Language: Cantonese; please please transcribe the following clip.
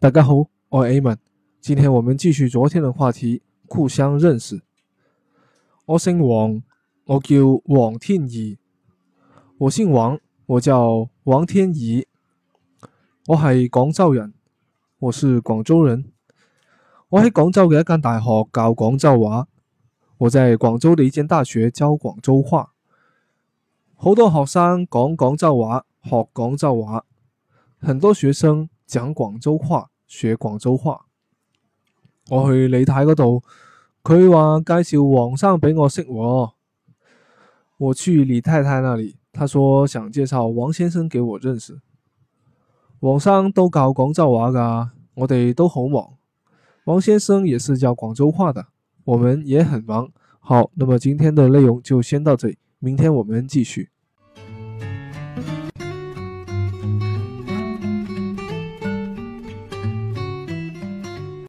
大家好，我係 Amon，今天我們繼續昨天的話題，互相認識。我姓王，我叫王天怡。我姓王，我叫王天怡。我係廣州人，我是廣州人。我喺廣州嘅一間大學教廣州話。我在廣州的一間大學教廣州話。好多學生講廣州話，學廣州話。很多學生。講廣州話，學廣州話。我去李太嗰度，佢話介紹王生俾我識喎。我去李太太那裏，他說想介紹王先生給我認識。王生都教廣州話噶，我哋都好忙。王先生也是教廣州話的，我們也很忙。好，那麼今天的內容就先到這裏，明天我們繼續。